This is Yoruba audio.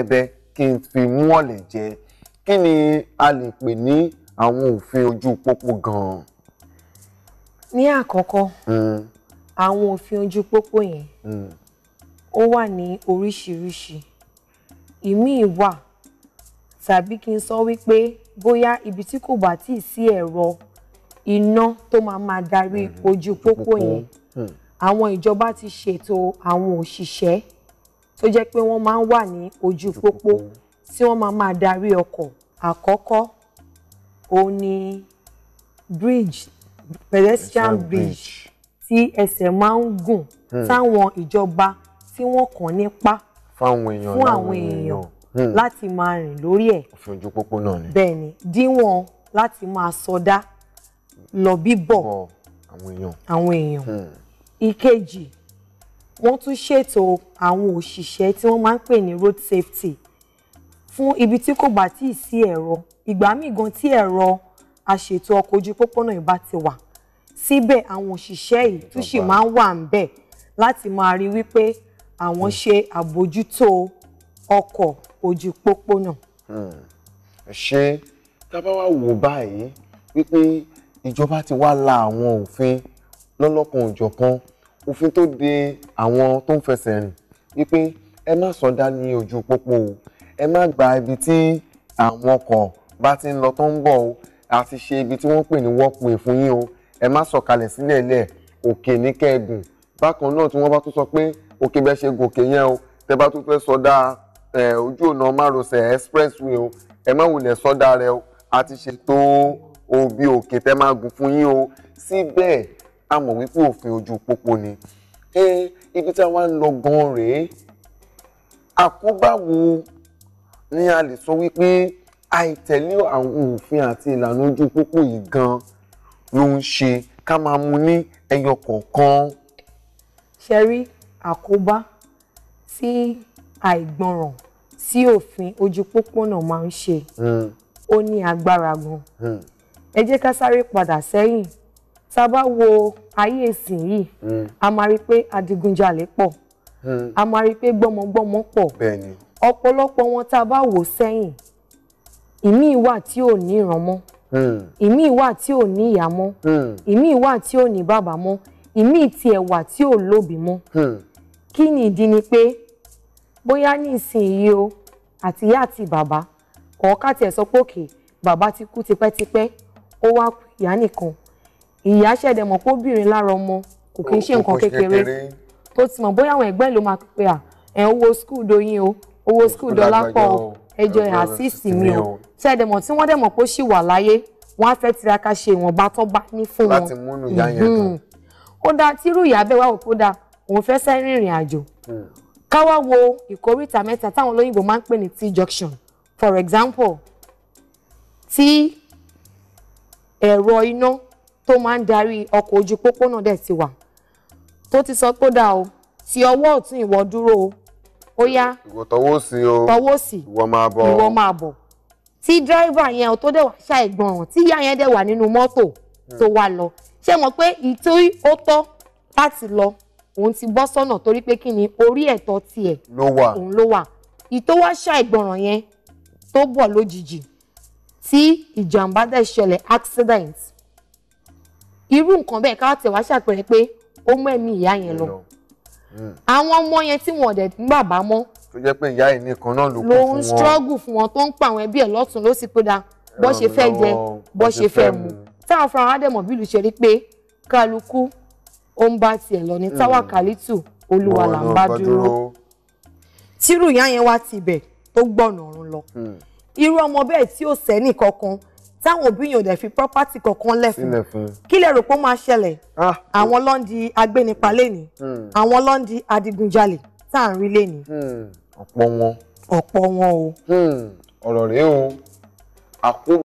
ẹ̀bẹ̀ kí n fi mú ọ̀lẹ̀ jẹ kí ni a lè pè ní àwọn òfin ojú pópó gan-an. ní àkọ́kọ́ hmm. àwọn òfin ojú pópó yẹn hmm. ó wà ní oríṣiríṣi ìmíì wà tàbí kí n sọ wípé bóyá ibi tí kò bá tíì sí ẹ̀rọ iná tó máa máa darí hmm. ojú pópó yẹn àwọn ìjọba ti ṣètò àwọn òṣìṣẹ́ tó jẹ́ pé wọ́n máa ń wà ní ojú pópó tí wọ́n máa máa darí ọkọ̀ àkọ́kọ́ òun ni bridge pedestrian bridge tí ẹsẹ̀ máa ń gùn táwọn hmm. ìjọba tí wọ́n kàn nípa fún àwọn èèyàn hmm. láti máa rìn lórí ẹ̀ òfin ojú pópó náà ni bẹ́ẹ̀ ni díwọ̀n láti máa sọdá lọ bíbọ̀ àwọn èèyàn hmm. ìkejì wọ́n tún ṣètò àwọn òṣìṣẹ́ tí wọ́n máa ń pè ní road safety fún ibi tí kò bá tíì sí ẹ̀rọ ìgbà míì gan tí ẹ̀rọ aṣètò ọkọ̀ ojú pópónà ìbá ti wà síbẹ̀ àwọn òṣìṣẹ́ yìí tún sì máa ń wà ń bẹ̀ láti máa rí wípé àwọn ṣe àbójútó ọkọ̀ ojú pópónà. Hmm. ṣé tábà wá wò báyìí wípé ìjọba ti wá la àwọn òfin lọ́lọ́kan òjọ̀kan òfin tó de àwọn tó ń fẹsẹ̀ rìn wípé ẹ má sọdá ní ojú pópó o ẹ má gba ibi tí àwọn ọkọ̀ bá ti ń lọ tó ń bọ̀ o àti ṣe ibi tí wọ́n pè ní walkway fún yín o ẹ má sọ̀kalẹ̀ sílẹ̀ lẹ̀ òkè ní kẹ́ẹ̀gùn bákan náà tí wọ́n bá tún sọ pé òkè bẹ́ẹ̀ ṣe gòkè yẹn o tẹ bá tún fẹ́ sọdá ojú ọ̀nà márosẹ̀ expressway o ẹ má wulẹ̀ sọdá rẹ o àti ṣètò òbí òkè tẹ máa gùn fún yín o síbẹ̀ a mọ̀ wípé òfin ojú pópó ni ẹ ibi tí a wá ń lọ gan rèé àkóbá wo ni a lè sọ wípé àìtẹ̀lé àwọn òfin àti ìlànà ojú pópó yìí gan ló ń ṣe ká máa mu ní ẹyọ kọ̀ọ̀kan. ṣe rí àkóbá tí àìgbọràn sí òfin ojú pópónà máa ń ṣe hmm. ó ní agbára gan hmm. ẹ jẹ́ ká sáré padà sẹ́yìn tá a bá wo ayé ìsìn yìí hmm. a máa rí i pé adigunjalè pọ̀ hmm. a máa rí i pé gbọ́mọgbọ́mọ pọ̀ ọ̀pọ̀lọpọ̀ wọn tá a bá wò sẹ́yìn ìmí ìwà tí ò ní ìran mọ́ hmm. ìmí ìwà tí ò ní ìyá mọ́ ìmí ìwà tí ò ní bàbá mọ́ ìmí ti ẹ̀wà tí ò lóbi mọ́ kí ni ìdí ni pé bóyá ní ìsinyìí o àti ìyá àti bàbá ọ̀ọ́ká tiẹ̀ sọ pé òkè bàbá ti kú tipẹ́tipẹ́ ó wá ìyá nìkan ìyá ṣẹ̀dẹ̀ mọ̀ pé obìnrin lára ọmọ kò kí n ṣe nǹkan kékeré ó ti mọ̀ bóyá àwọn ẹ̀gbẹ́ ló máa pe à ẹ̀ owó skul doyin o owó skul dọlápọ̀ o ẹjọ́ ẹ̀ àṣìṣì mi o ṣẹ̀dẹ̀ mọ̀ tí wọ́n dẹ̀ mọ̀ pé ó ṣì wà láyé wọ́n á fẹ́ tiraka ṣe ìwọ̀nba tó bá ní fún wọn. láti múnú ìyá yẹn mhm. dùn. ó dáa tírú ìyá bẹ́ẹ̀ wá wò kó dáa òun fẹ́ sẹ́ rìnrìn àjò. Hmm. ká wo ìkóríta mẹ́ta táwọn olóyìnbó máa ń pè ní t-junction for example tí ẹ̀rọ iná tó máa ń darí ọkọ̀ ojú pópó náà dẹ̀ ti wà tó ti sọ pé dà o ti ọwọ́ ọ̀tún ìwọ dúró o ó yá ìwọ tọwọ́ sí o tọwọ́ sí ìwọ máa bọ̀ ìwọ máa bọ̀ tí dírẹ́fà yẹn tó dẹ̀ wà ṣàìgbọràn tí ìyá yẹn dẹ̀ wà nínú mọ́tò tó wà lọ ṣé mọ̀ pé ìtorí ó tọ́ láti lọ òun ti bọ́ sọ́nà torí pé kí ni orí ẹ̀tọ́ tiẹ̀ òun ló wà ìtọ́wọ́ ṣàìgbọràn yẹn tó bọ̀ lójijì tí ìjàmbá dẹ̀ ṣẹlẹ̀ accident irú nǹkan bẹ́ẹ̀ káwá tẹ̀ wá ṣàpẹẹrẹ pé ó mú ẹ̀mí ìyá yẹn lọ mm. àwọn ọmọ yẹn tí wọn ò dẹ̀ ní bàbá mọ́ tó jẹ́ pé ìyá yìí nìkan náà ló kún fún wọn ló ń struggle fún wọn tó ń pa àwọn ẹbí ẹ̀ lọ́tún ló sì pé da bó ṣe fẹ́ jẹ bó ṣe fẹ́ mu táwọn fúnra wọn dẹ̀mọ̀ bílù ṣe rí pé kálukú ó ń bá tiẹ̀ lọ ní mm. táwa kàlítù olúwa là ń bá dúró tírù ìyá yẹn wá tibẹ̀ tó gbọ̀nà táwọn òbí yẹn ò dẹ̀ fi property kankan lẹ̀ fún kí lẹ rò pé ó máa ṣẹlẹ̀ ah. àwọn ló ń di agbénipa lẹ́ni hmm. àwọn ló ń di adigunjalè tá à ń rí lẹ́ni. Hmm. ọ̀pọ̀ wọn. ọ̀pọ̀ wọn o. Hmm. ọ̀rọ̀ rèé o